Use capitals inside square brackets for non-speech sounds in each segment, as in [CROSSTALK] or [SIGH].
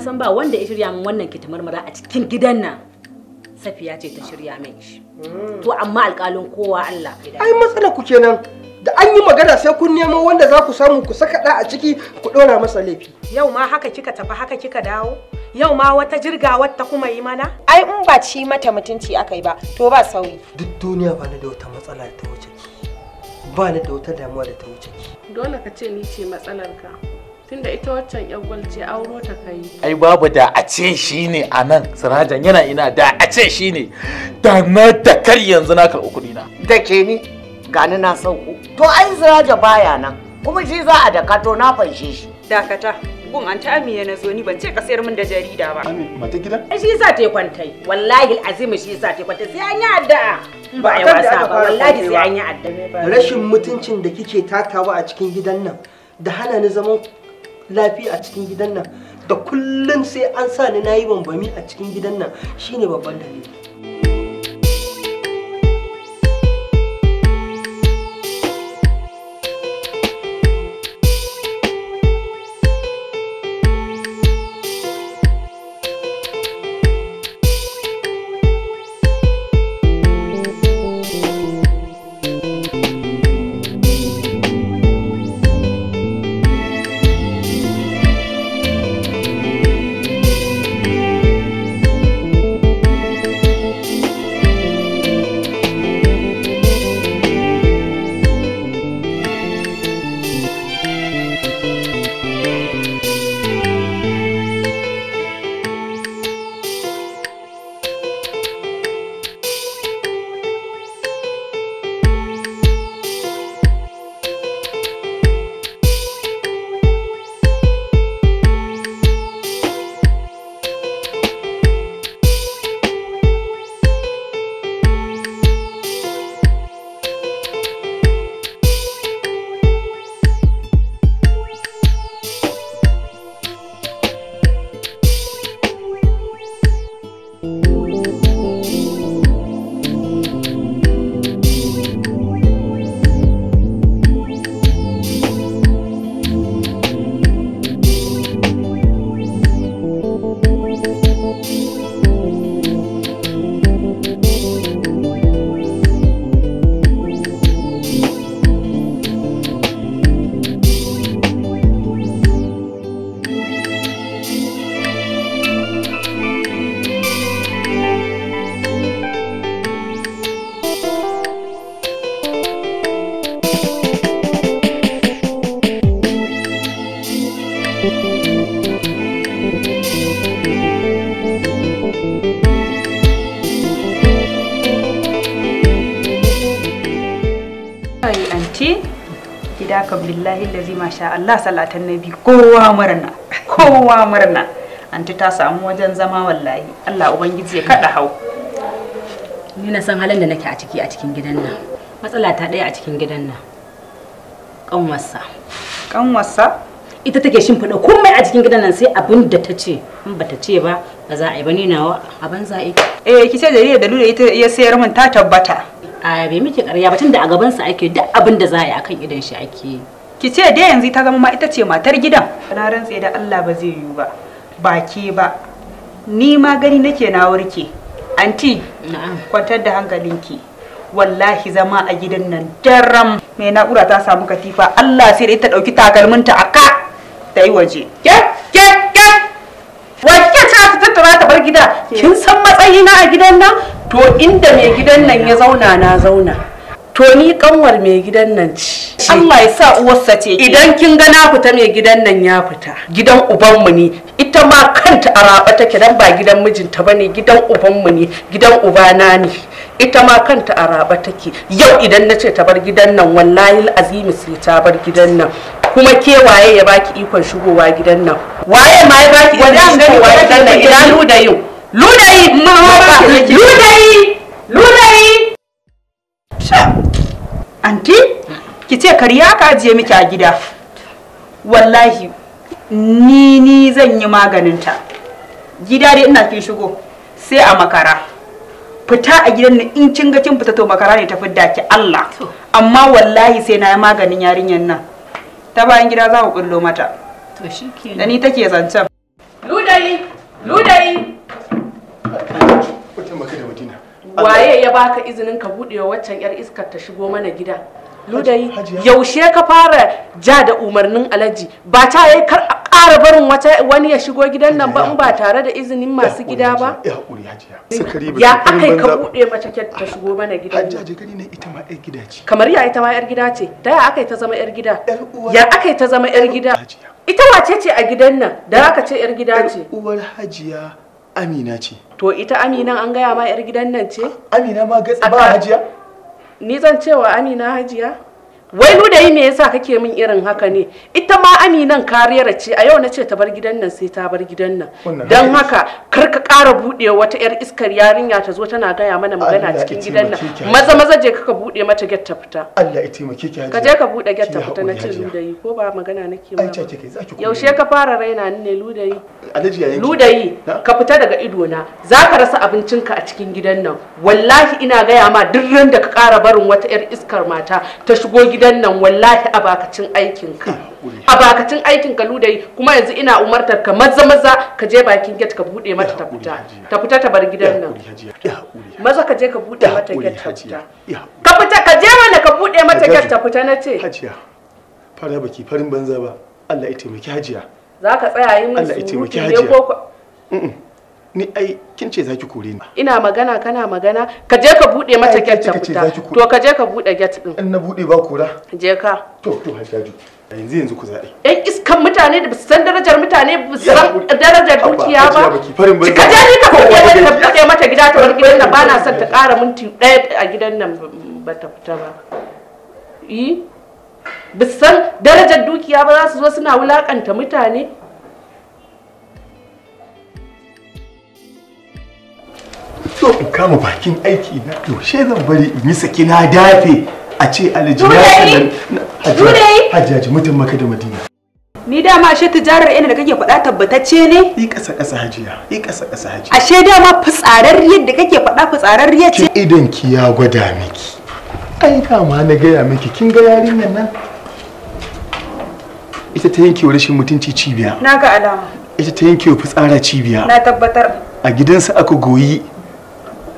san ba wanda ya shirya min wannan kitamarmara a cikin gidan nan safiya ce ta shirya min shi hmm. to amma alƙalin kowa Allah ai matsala ku kenan da an yi magana sai kun nemo wanda za ku samu ku saka da a ciki ku ɗora masa laifi yau ma haka kika tafi haka kika dawo yau ma wata jirga wata kuma yi mana ai in ba ci mata mutunci aka ba to ba sauyi duk duniya ba da wata matsala ta wuce ki ba da wata damuwa da ta wuce ki dole ka ce ni ce matsalar ka tunda ita waccan yagwal ce auro ta kai ai babu da a ce shi ne a nan sirajan yana ina da a ce shi ne. da na da kar yanzu na karɓi kuɗi na da ke ni gani na sauko to ai siraja baya nan kuma shi za a dakato, na fanshe shi dakata gun an ta amiya na zo ni ban ce ka sayar min da jarida ba Amin, mata gida ai shi yasa ta kwantai wallahi alazim shi yasa ta kwantai sai an yi addu'a hmm. ba ai wasa ba wallahi sai an yi addu'a rashin mutuncin da kike tatawa a cikin gidan nan da hana ni zaman lafiya a cikin gidan nan da kullum sai an sa ni na yi bambami a cikin gidan nan shine babban dalili lazi masha Allah salatan nabi kowa murna kowa murna anti ta samu wajen zama wallahi Allah ubangiji ya kada hau ni na san halin da nake a ciki a cikin gidan nan matsala ta ɗaya a cikin gidan nan kanwarsa kanwarsa ita take fada komai a cikin gidan nan sai abin da ta ce in ba ta ce ba ba za a yi ba ni nawa a banza ita eh ki ce jarida da lura ita ya sayar min ta tabbata a bai miki karya ba tunda a gaban sa ake duk abin da za a yi akan idan shi ake yi ki ce dai yanzu ta zama ma ita ce matar gidan na rantse da Allah ba zai yiwu ba ba ke ba ni ma gani nake na warke anti kwantar da hankalinki wallahi zama a gidan nan daram mai na'ura ta samu katifa Allah sai da ita dauki takalmin a ka ta yi waje ke ke ke wacce ta tura ta bar gida kin san matsayina a gidan nan to inda mai gidan nan ya zauna na zauna to ni kanwar mai gidan nan ci ce Allah ya sa uwarsa ce idan kin ga na fita mai gidan nan ya fita gidan ubanmu ne ita ma kanta a raba take dan ba gidan mijinta bane gidan ubanmu ne gidan ubana ne ita ma kanta a raba take yau idan na ce ta bar gidan nan wallahi azimi sai ta bar gidan nan kuma ke waye ya baki ikon shigowa gidan nan waye ma ya baki gani waye gidan nan idan ludayin ludayi ludayi ludayi Anti? ki ce kariya ka ajiye miki a gida wallahi ni ni zan yi maganinta gida dai ina kin shigo sai a makara fita a gidan nan in kin ga kin fita to makara ne ta fidda ki Allah amma wallahi sai na yi maganin yarinyar nan ta bayan gida za ku kullo mata to shikenan da ni take zancen ludayi ludayi waye ya baka izinin ka wa waccan yar iskar ta shigo mana gida ludayi yaushe ka fara ja da umarnin alhaji ba ta yi kar a ƙara barin wani ya shigo gidan nan ba in ba tare da izinin masu gida ba ya aka yi akai ka buɗe mace ta shigo mana gidan gida kamar ya ita ma yar gida ce ta ya yi ta zama yar gida ya yi ta zama yar gida ita wace ce a gidan nan da aka ce yar gida ce uwar hajiya amina ce to ita Amina an gaya ma yar gidan nan ce amina ma gatsa ba hajiya ni zan cewa amina hajiya wai yi me yasa kake min irin haka ne ita ma aminan kariyar ce a yau na ce ta bar gidan nan sai ta bar gidan nan don haka kar ka kara buɗe wata yar iskar yarinya ta zo tana gaya mana magana cikin gidan nan maza maza je ka buɗe mata get ta fita Allah ya taimake ki ka je ka buɗe get ta fita na ce ludayi ko ba magana nake ma yaushe ka fara raina ni ne ludayi ludayi ka fita daga ido na zaka rasa abincinka a cikin gidan nan wallahi ina gaya ma duk ran da ka kara barin wata yar iskar mata ta shigo gidan nan wallahi a bakacin aikinka hmm. a bakacin aikin ka ludayi kuma yanzu ina umartar ka maza maza ka je bakin gate ka bude mata ta fita ta fita ta bar gidan nan maza ka je ka bude mata gate ta fita ka fita ka je mana ka bude mata gate ta fita na ce hajiya fara baki farin banza ba Allah ya taimaki hajiya za ka tsaya yi min surutu ne ko ni ai kin ce zaki kore ni ina magana kana magana ka je ka bude mata gate ta fita to ka je ka bude gate din in na bude ba kura je ka to to hajiya yanzu yanzu ku zaɓe. yan iskan mutane da basu san darajar mutane ba su san darajar dukiya ba cika je ni ka fage ne ta buɗe mata gida ta bar gidan nan ba na son ta ƙara minti ɗaya a gidan nan ba ta fita ba yi basu san darajar dukiya ba za su zo suna wulaƙanta mutane to in kama bakin aiki na yaushe zan bari in yi saki na dafe a ce alhaji ya sanar hajjaji mutum maka da madina ni dama ashe tijarar ina da kake faɗa tabbatacce ne yi ƙasa ƙasa hajiya yi ƙasa ƙasa hajiya ashe dama fitsararriyar da kake faɗa fitsararriyar ce idan ki ya gwada miki ai dama na gaya miki kin ga yarinyar nan ita ta yanke wa rashin mutunci cibiya na ga alama ita ta yanke wa fitsara cibiya na tabbatar a gidansa aka goyi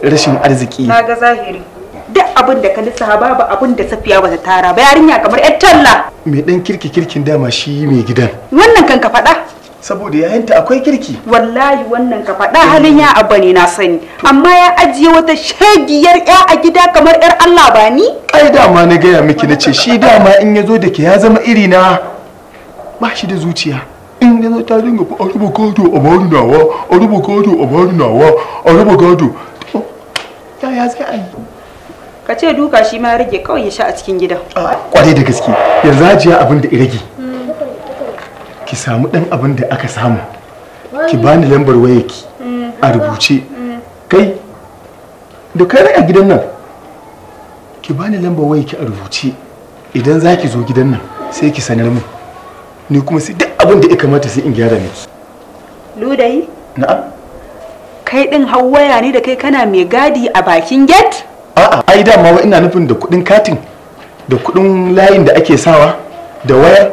rashin arziki na ga zahiri duk abin da ka lissafa babu abin da safiya ba ta tara ba yarinya kamar yar talla me dan kirki kirkin dama shi mai gidan wannan kan ka faɗa saboda yayinta, akwai kirki wallahi wannan ka faɗa halin ya abane na sani amma ya ajiye wata shagiyar ya a gida kamar yar Allah ba ni ai dama na gaya miki na ce shi dama in ya zo da ke ya zama iri na ba shi da zuciya in ya ta dinga a ruba gado a bari nawa a ruba a bari nawa a ruba ya ya sai a ka ce duka shi ma rage kawai ya sha a cikin gidan kwarai da gaske yanzu hajiya abin da rage ki samu dan abin da aka samu ki bani lambar wayarki a rubuce kai da kai a gidan nan ki bani lambar wayarki a rubuce idan za ki zo gidan nan sai ki sanar mu ni kuma sai duk abin da ya kamata sai in gyara miki ludayi na'am kai din hawaya ne da kai kana mai gadi a bakin gate a'a ai dama ina nufin da kudin katin da kudin layin da ake sawa da wayar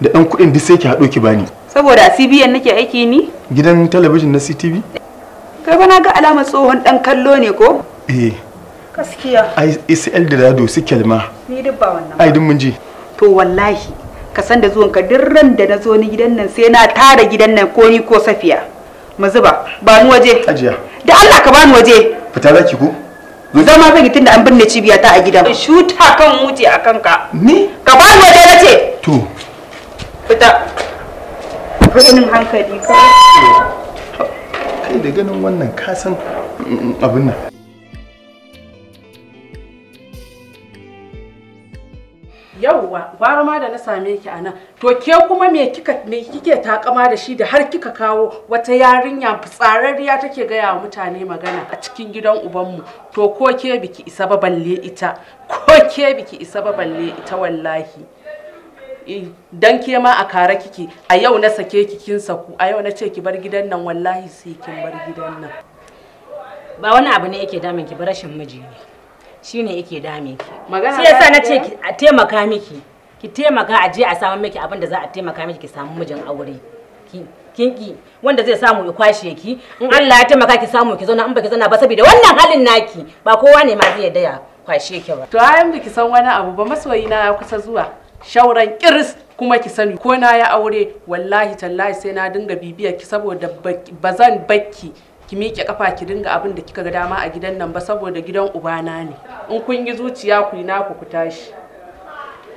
da ɗan kudin duk sai ki haɗo ki bani saboda a CBN nake aiki ni gidan talabijin na CTV kai ba na ga alamar tsohon dan kallo ne ko eh gaskiya ai ACL da Rado su kelma ni duk ba wannan ai duk mun ji to wallahi ka san da zuwanka duk ran da na zo ni gidan nan sai na tara gidan nan ko ni ko Safiya mu zuba ba ni waje ajiya da Allah ka bani waje fita zaki ko zama zan yi tunda an binne cibiya ta a gida ba. shuta kan wuce a kanka ni ka ba ni waje na ce to fita rainin hankali kai da ganin wannan kasan mm, mm, abin nan yauwa gwara ma da na same ki a nan to ke kuma me kika me kike takama da shi da har kika kawo wata yarinya fitsararriya take gaya wa mutane magana a cikin gidan ubanmu to ko ke biki isa ba balle ita ko ke biki isa ba balle ita wallahi eh, dan ke ma a kare kike a yau na sake ki kin saku a yau na ce ki bar gidan nan wallahi sai kin bar gidan nan ba wani abu ne yake damin ki ba rashin miji ne shine yake dame ki magana shi yasa na ce ki a taimaka miki ki taimaka a je a samu miki abin da za a taimaka miki ki samu mijin aure ki kinki wanda zai samu ya kwashe ki in mm. Allah ya taimaka ki samu ki zauna in baki zauna ba saboda wannan halin naki ba kowa ne ma zai yarda ya kwashe ki ba to ayan ki san wani abu ba masoyi na kusa zuwa shauran kiris kuma ki sani ko na ya aure wallahi tallahi sai na dinga bibiya ki saboda bazan bakki ki miƙe kafa ki dinga abin da kika ga dama a gidan nan ba saboda gidan ubana ne in kun yi zuciya ku yi naku ku tashi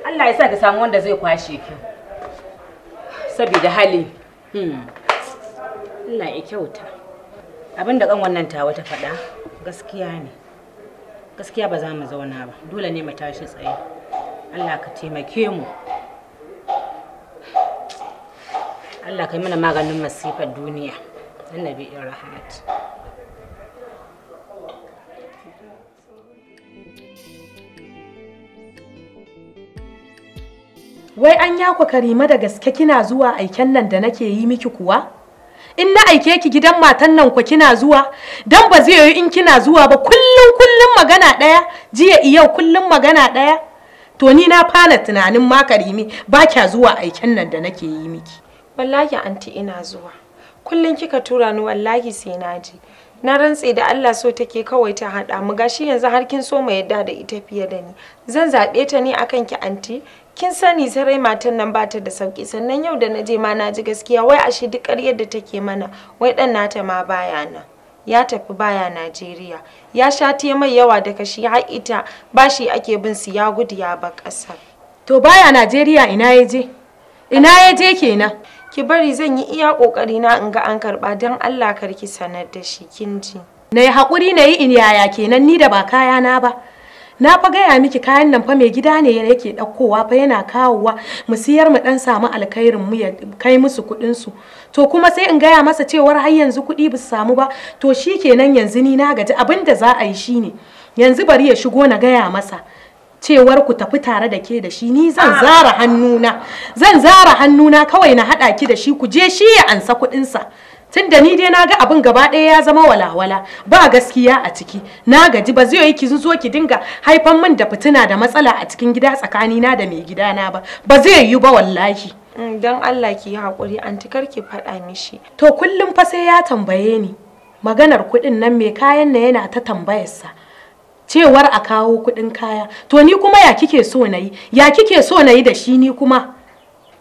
Allah ya sa ka samu wanda zai kwashe ki saboda hali hmm. Allah ya kyauta abin da kan wannan tawa ta faɗa gaskiya ne gaskiya ba za mu zauna ba dole ne mu tashi tsaye Allah ka taimake mu Allah ka mana maganin masifar duniya annabi in rahmat wai an yakwa karima da gaske kina zuwa aiken nan da nake yi miki kuwa in na aike ki gidan matan nan ku kina zuwa dan ba zai yi in kina zuwa ba kullum kullum magana daya jiya iyau kullum magana daya to ni na fara tunanin ma karimi ba kya zuwa aiken nan da nake yi miki wallahi anti ina zuwa kullum kika tura ni wallahi sai na ji na rantse da Allah so take kawai ta haɗa mu gashi yanzu har kin so mu yadda da ita fiye da ni zan zaɓe ta ne akan ki anti kin sani sarai matan nan ba ta da sauki sannan yau da naje ma na ji gaskiya wai ashe duk ƙaryar da take mana wai ɗan nata ma baya nan ya tafi baya Najeriya ya sha mai yawa da kashi har ita ba shi ake bin su ya gudu ya ba ƙasar to baya Najeriya ina ya ina ya kenan ki bari zan yi iya kokari na in ga an karba don Allah karki sanar da shi kin ji na yi hakuri na yi in yaya kenan ni da ba kaya na ba na fa gaya miki kayan nan fa mai gida ne yake ɗaukowa fa yana kawowa mu siyar mu ɗan samu alkhairin mu ya kai musu kuɗin su to kuma sai in gaya masa cewar har yanzu kuɗi ba su samu ba to shi shikenan yanzu ni na gaji abin da za a yi shine yanzu bari ya shigo na gaya masa cewar ku tafi tare da ke da shi ni zan ah. zara hannuna zan zara hannuna kawai na haɗa ki da shi ku je shi ya ansa kuɗinsa tunda ni dai na ga abin gaba ɗaya ya zama walawala ba gaskiya a ciki na gaji ba zai yi ki zo ki dinga haifan min da fitina da matsala a cikin gida tsakanina da mai gidana ba ba zai yi ba wallahi mm, dan Allah ki yi hakuri anti kar ki faɗa mishi to kullum fa sai ya tambaye ni maganar kuɗin nan mai kayan na yana ta tambayarsa cewar a kawo kuɗin kaya to ni kuma ya kike so na yi ya kike so na yi da shi ni kuma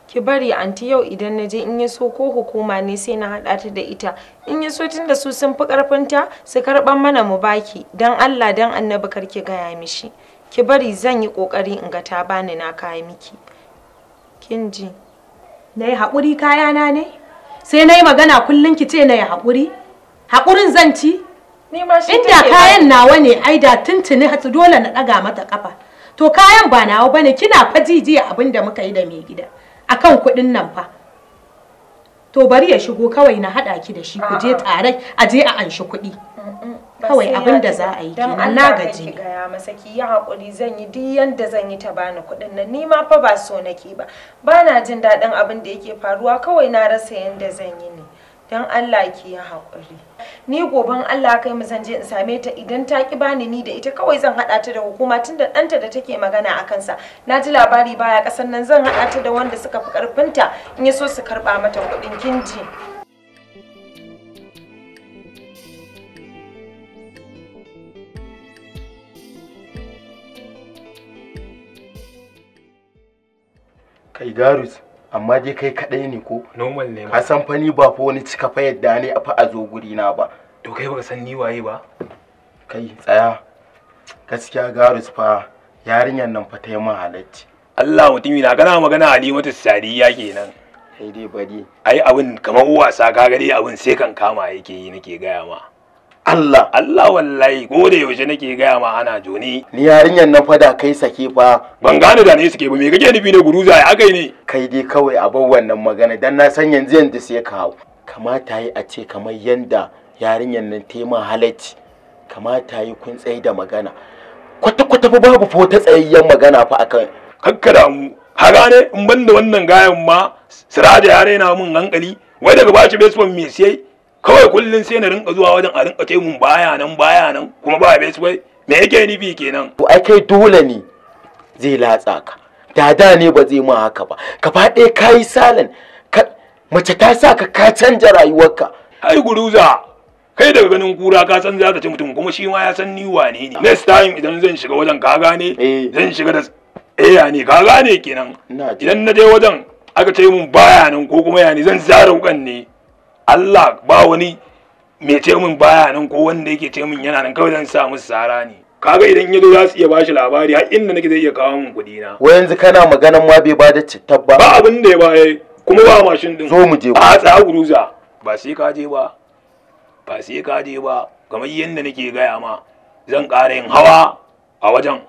ki bari anti yau idan na je in yi so ko hukuma ne sai na haɗa ta da ita in yi so tun da su sun fi ƙarfinta su karɓan mana mu baki don allah don annabi kar ki gaya mishi ki bari zan yi ƙoƙari in ga ta bani na kaya miki kin ji na yi haƙuri kayana ne sai na yi magana kullum ki ce na yi haƙuri haƙurin zan ci inda kayan nawa ne ai da tuntuni dole na ɗaga mata kafa to kayan ba nawa bane kina fa abin da muka yi da mai gida akan kuɗin nan fa to bari ya shigo kawai na haɗa ki da shi ku je tare a je a anshi kuɗi kawai abin da za a yi kenan na gaji ne gaya masa ki yi hakuri zan yi duk yanda zan yi ta bani kuɗin nan ni ma fa ba so nake ba bana jin daɗin abin da yake faruwa kawai na rasa yanda zan yi ne don Allah ki yi hakuri ni goben Allah kai mu je in same ta idan ta ki bani ni da ita kawai zan hada ta da hukuma tunda ɗanta da take magana a kansa na ji labari baya kasan nan zan hada ta da wanda suka fi ta in ya so su karba mata kuɗin kinji kai garus amma dai kai kaɗai ne ko normal ne ka san fani ba fa wani cika fa yadda ne a fa a zo guri na ba to kai baka san ni waye ba kai tsaya gaskiya garus fa yarinyar nan fa ta yi halacci Allah mutumi na kana magana Halimatu Sadiya kenan sai dai bari ai abin kamar wasa ga dai abin sai kan kama yake yi nake gaya ma Allah Allah wallahi ko da yaushe nake gaya ma ana joni ni yarinyar na fada kai sake fa ban gane da ne suke ba me kake nufi ne guruza ai akai ne kai dai kawai a bar wannan magana dan na san yanzu yanzu sai ka hau kamata yi a ce kamar yanda yarinyar nan ta ma halacci kamata yi kun tsaye da magana kwata kwata fa babu fa wata tsayayyen magana fa akan kakkada mu ka gane in banda wannan gayan ma sirada ya raina mun hankali wai daga bashi baseball me sai kawai kullum sai na rinka zuwa wajen a rinka ce mun baya nan baya nan kuma ba bai bai me yake nufi kenan to ai kai dole ne zai latsa ka dada ne ba zai ma haka ba ka faɗe kai salan mace ta sa ka ka canja rayuwarka ai guruza kai daga ganin kura ka san za ka ci mutum kuma shi ma ya san ni wane ne next time idan zan shiga wajen ka gane eh. zan shiga da eya ne ka gane kenan idan na je wajen aka ce mun baya nan ko kuma ya ne zan zara wukan ne Allah ba wani mai ce min baya nan ko wanda yake ce min yana nan kawai zan sa musu sara ne kaga idan yazo za su iya bashi labari har inda nake zai iya kawo min kuɗi na wai yanzu kana maganan ma bai bada cittar ba ba abin da ya baye eh, kuma ba mashin din zo mu je a tsaya guruza ba sai ka je ba ba sai ka je ba kamar yadda nake gaya ma zan ƙara yin hawa a wajen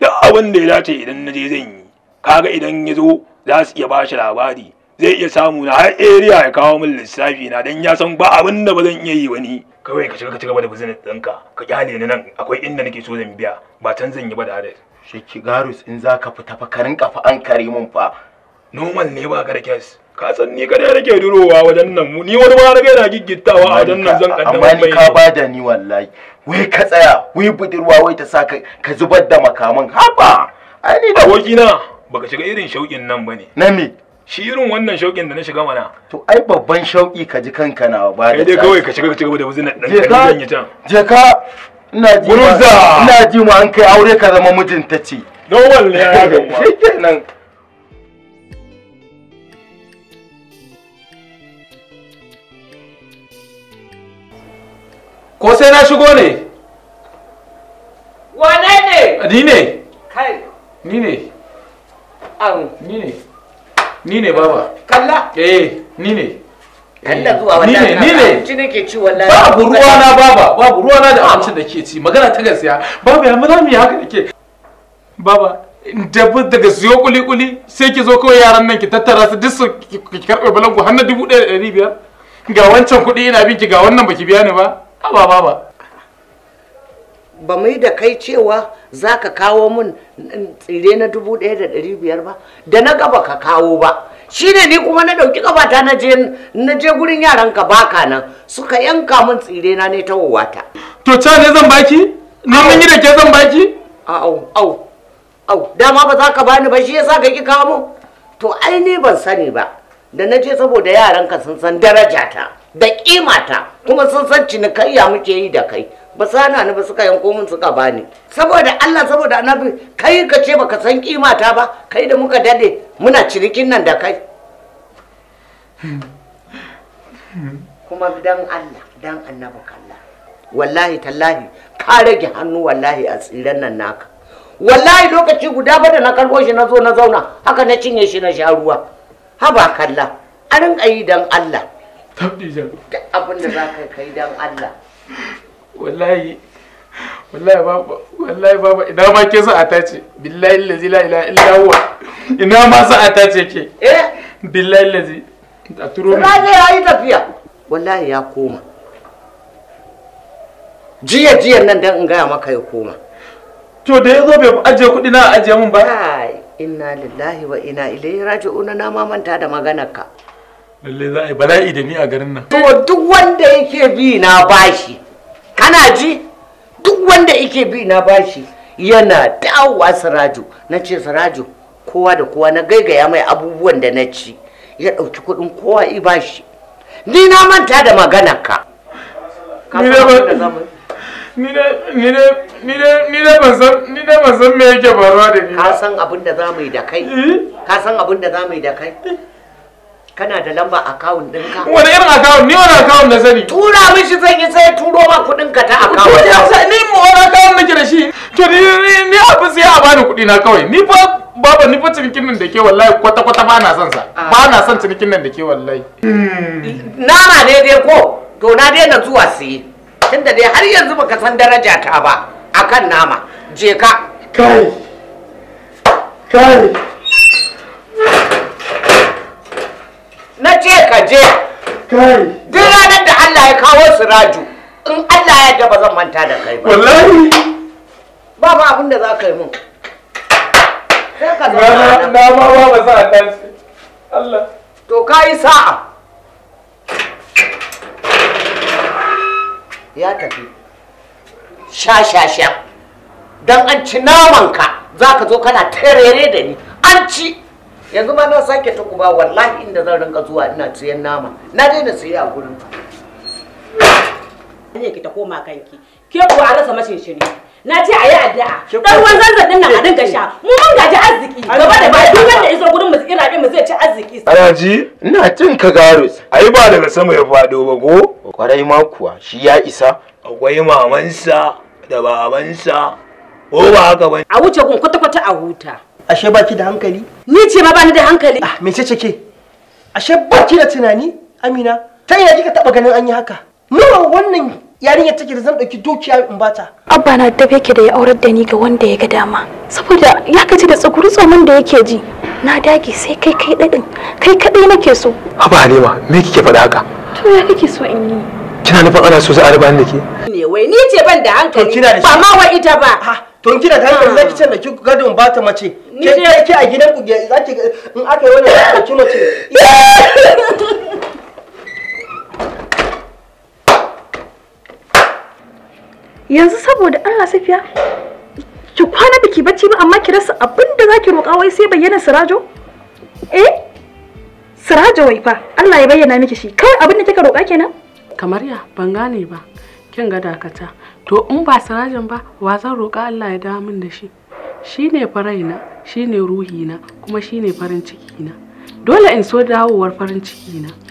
duk abin da ya dace idan na je zan yi kaga idan yazo za su iya bashi labari zai iya samu na har area ya kawo min lissafi na dan ya san ba abin da ba zan iya yi wani kawai ka shiga ka cigaba da business ɗinka ka kyale ni nan akwai inda nake so zan biya ba can zan yi ba da adad shi garus in za ka fita fa ka kafa an kare mun fa normal ne ba ga da kes ka san ni kada nake durowa wajen nan mu ni wani ma na ga giggittawa a wajen nan zan kaddama mai amma ni ka bada ni wallahi wai ka tsaya wai budurwa wai ta saka ka zubar da makaman haba ai ni da abokina baka shiga irin shauƙin nan bane na me shi irin wannan shauƙin da na shiga mana to ai babban shauƙi ka ji kanka na ba da dai kawai ka shiga ka cigaba da buzina ɗan kan yi can je ka ina ji ina ji ma an kai aure ka zama mijinta ce don wallahi [LAUGHS] kenan ko sai na shigo ne wane ne ni ne kai ni ne ni ne ni ne baba kalla eh ni ne kalla eh, zuwa wallahi ni ne ne ke ci wallahi babu ruwa na baba babu ruwa na da abincin da ke ci magana ta gaskiya baba ya maza mu haka nake baba da daga siyo kuli kuli sai ki zo kawai yaran nan ki tattara su duk su ki karbe balangu har na dubu ɗaya da ɗari biyar ga wancan kuɗi ina bin ki ga wannan baki biya ni ba haba baba ba yi da kai cewa za ka kawo mun tsire na dubu ɗaya da ɗari biyar ba da na gaba ka kawo ba shi ne ni kuma na ɗauki ƙabata na je na je gurin yaranka baka nan suka yanka mun tsire na ne ta wata. to ca ne zan baki na mun yi da ke zan baki au au au dama ba za ka bani ba shi yasa ka ki kawo mun to ai ni ban sani ba da na je saboda yaranka sun san darajata da ƙimata kuma sun san cinikayya muke yi da kai ba sana ni ba suka yanko min suka bani saboda Allah saboda annabi kai ka ce baka san kimata ba kai da muka dade muna cinikin nan da kai kuma dan Allah dan annabi kalla wallahi tallahi ka rage hannu wallahi a tsiran nan naka wallahi lokaci guda ba da na karbo shi na zo na zauna haka na cinye shi na sha ruwa haba kalla a rinka yi dan Allah abin da za ka kai dan Allah wallahi wallahi baba wallahi baba ina ma ke sa ta ce billahi allazi la ilaha illa huwa ina ma sa ta ce ke eh billahi allazi a turo ne sai ya yi tafiya wallahi ya koma jiya jiya nan dan in gaya maka ya koma to da yazo bai ajiye kuɗi na ajiye mun ba inna lillahi wa inna ilaihi raji'un na ma manta da maganar ka lalle za a yi bala'i da ni a garin nan to duk wanda yake bi na bashi kana ji duk wanda yake bi na bashi yana dawowa siraju na ce siraju kowa da kowa na gaigaya mai abubuwan da na ci ya ɗauki kuɗin kowa i bashi ni na manta da magana ka ni da ban san me yake faruwa da ni ka san abin da za mu yi da kai eh? ka san abin da za mu yi da kai kana da lamba akawun ɗinka. Wani irin akawun ni wani akawun na sani. Tura mishi zan yi sai turo ma kuɗin ka ta akawun. ya sai ni mu wani akawun nake da shi. To ni ni abu sai a bani kuɗi na kawai. Ni fa baba ni fa cinikin nan da ke wallahi kwata kwata ba na son sa. Ah. Ba na son cinikin nan da ke wallahi. Hmm. Nama ne dai ko to na na zuwa siye. Tunda dai har yanzu baka san daraja ta ba akan nama. Je ka. Kai. Kai. na je ka je duk ranar da Allah ya kawo siraju in Allah ya da ba zan manta da kai ba wallahi ba ba abin da za ka yi mun na ma ba ba za a dace Allah to ka yi sa'a ya tafi sha sha sha dan an ci namanka za ka zo kana terere da ni an ci yanzu ma na sake ta kuma wallahi inda zan rinka zuwa ina siyan nama na daina siye a gurin ne ki ta koma kanki ke kuwa a rasa mashin shiri na ce a yi addu'a dan ruwan zanzan din nan a dinga sha mu mun gaji arziki gaba da bai duk wanda iso gurin mu tsira mu zai ci arziki araji ina jin ka garus ai ba daga sama ya fado ba go kwarai ma kuwa shi ya isa akwai mamansa da babansa ko ba haka ba a wuce gun kwata-kwata a huta ashe ba ki da hankali ni ce ma ni da hankali ah me ce ke ashe ki da tunani amina ta ina kika taba ganin an yi haka nawa wannan yarinyar take da zan dauki dukiya in bata abba na dafe yake da ya aurar da ni ga wanda ya ga dama saboda ya kaji da tsakuri tsoman da yake ji na dage sai kai kai dadin kai kadai nake so haba halima me kike faɗa haka to ya kike so in yi kina nufin ana so sai a raba da ke ne wai ni ce ban da hankali ba ma wa ita ba ah, to kina da hankali zaki ce da ki gadon bata mace ni dai ke a gidan ku za ki in aka yi wannan ka ci ce yanzu saboda Allah safiya ki kwana biki bacci ba amma ki rasa abin da zaki roƙa wai sai bayyana sirajo eh sirajo wai fa Allah ya bayyana miki shi kai abin da kika roƙa kenan kamar ya ban gane ba kin ga dakata to in ba sirajin ba wa zan roƙa Allah ya dawo min da shi shine faraina shine ruhina kuma shine farin cikina dole in so dawowar farin cikina